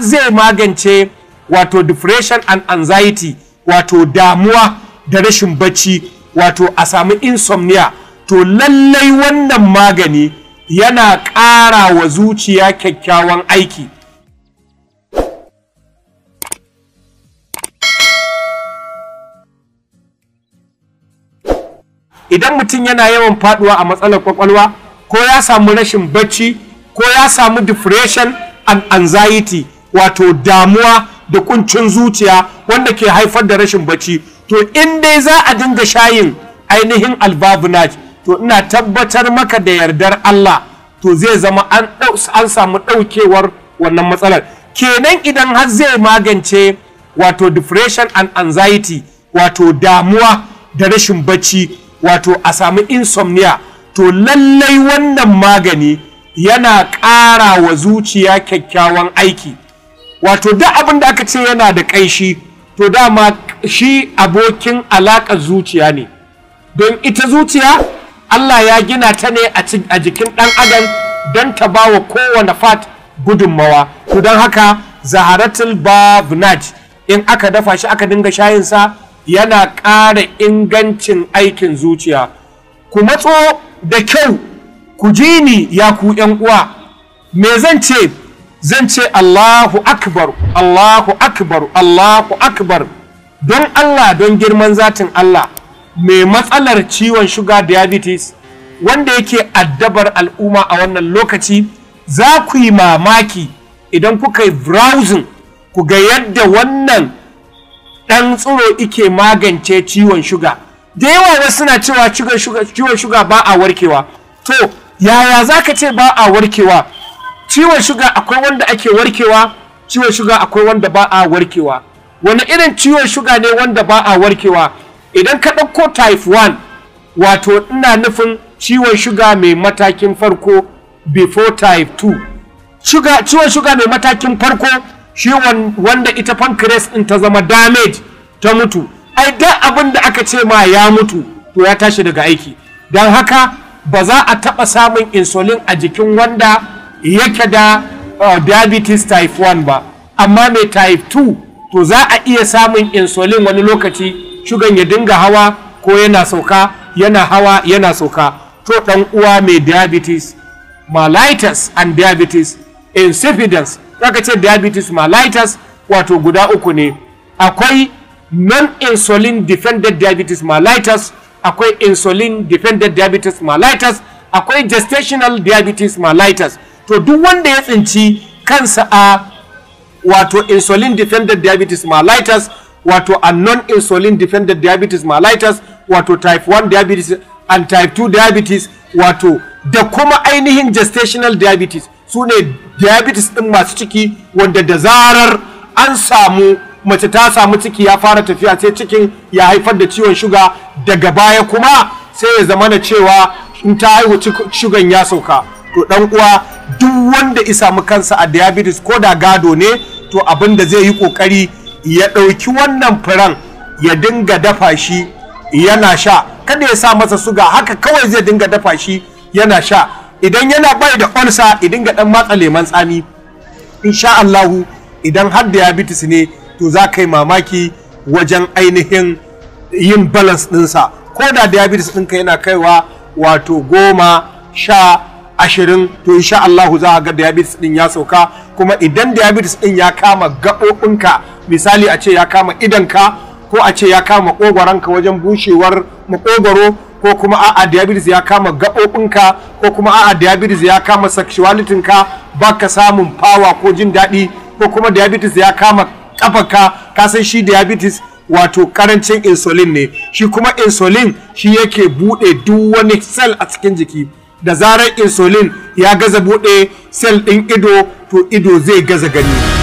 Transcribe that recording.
zai magance wato depression and anxiety wato damuwa da rashin bacci wato a samu insomnia to lallai wannan magani yana ƙara wa zuciya kyakkyawan aiki idan mutum yana yawan faduwa a matsalar kwakwalwa ko ya samu rashin bacci ko ya samu depression and anxiety wato damuwa da kuncin zuciya wanda ke haifar da rashin bacci to in dai za a dinga shayin ainihin albabunaj to ina tabbatar maka da yardar Allah to zai zama an samu ɗaukewar wannan matsalar kenan idan har zai magance wato depression and anxiety wato damuwa da rashin bacci wato a samu insomnia to lallai wannan magani yana ƙara wa zuciya kyakkyawan aiki wato da abin da aka ce yana da ƙaishi to dama shi abokin alaƙar zuciya ne don ita zuciya Allah ya gina ta ne a jikin ɗan adam don ta ba wa kowane fat gudunmawa to don haka zaharatul babnaj in aka dafa shi aka dinga shayinsa yana ƙara ingancin aikin zuciya ku matso da kyau ku ji ni ya ku uwa me zan ce zan ce Allahu akbar Allahu akbar Allahu akbar don Allah don girman zatin Allah mai matsalar ciwon shuga diabetes wanda yake addabar al'umma a wannan lokaci za ku yi mamaki idan kuka yi browsing ku ga yadda wannan ɗan tsoro ike magance ciwon shuga da yawa wasu suna cewa ciwon shuga ba a warkewa to yaya za ka ce ba a warkewa ciwon shuga akwai wanda ake warkewa ciwon shuga akwai wanda ba a warkewa wani irin ciwon shuga ne wanda ba a warkewa idan ka ɗauko type 1 wato ina nufin ciwon shuga mai matakin farko before type 2 ciwon shuga mai matakin farko shi wanda ita pancreas ɗin ta zama damage ta mutu ai da abin da aka ce ma ya mutu to ya tashi daga aiki don haka ba za a taɓa samun insulin a jikin wanda yake da uh, diabetes type 1 ba amma mai type 2 to za a iya samun insulin wani lokaci shugan ya dinga hawa ko yana sauka yana hawa yana sauka to ɗan uwa mai diabetes mellitus and diabetes insipidus zaka ce diabetes mellitus wato guda uku ne akwai non-insulin dependent diabetes mellitus akwai insulin dependent diabetes mellitus akwai gestational diabetes mellitus to duk wanda ya tsinci kansa a wato insulin dependent diabetes mellitus wato a non insulin dependent diabetes mellitus wato type 1 diabetes and type 2 diabetes wato da kuma ainihin gestational diabetes su ne diabetes ɗin masu ciki wanda da zarar an samu mace ta samu ciki ya fara tafiya sai cikin ya haifar da ciwon shuga daga baya kuma sai ya zama na cewa in ta haihu shugan ya sauka to dan uwa duk wanda isa mu kansa a diabetes ko da gado ne to abin da zai yi kokari ya ɗauki wannan furan ya dinga dafa shi yana sha kada ya sa masa suga haka kawai zai dinga dafa shi yana sha idan yana bai da olsa idan dinga dan matsa leman tsami insha Allahu idan har diabetes ne to za ka yi mamaki wajen ainihin yin balance ɗinsa ko da diabetes ɗinka yana kaiwa wato goma sha ashirin to insha Allahu za a ga diabetes din ya sauka kuma idan diabetes din ya kama gaɓoɓinka misali a ce ya kama idanka ko a ce ya kama ƙogwaranka wajen bushewar makogwaro ko kuma a'a diabetes ya kama gaɓoɓinka ko kuma a'a diabetes ya kama ka baka samun fawa ko jin daɗi ko kuma diabetes ya kama ƙafarka ka san shi diabetes wato karancin insulin ne shi kuma insulin shi yake buɗe duk wani cell a cikin jiki da zarar insulin ya gaza buɗe sel ɗin ido to ido zai gaza gani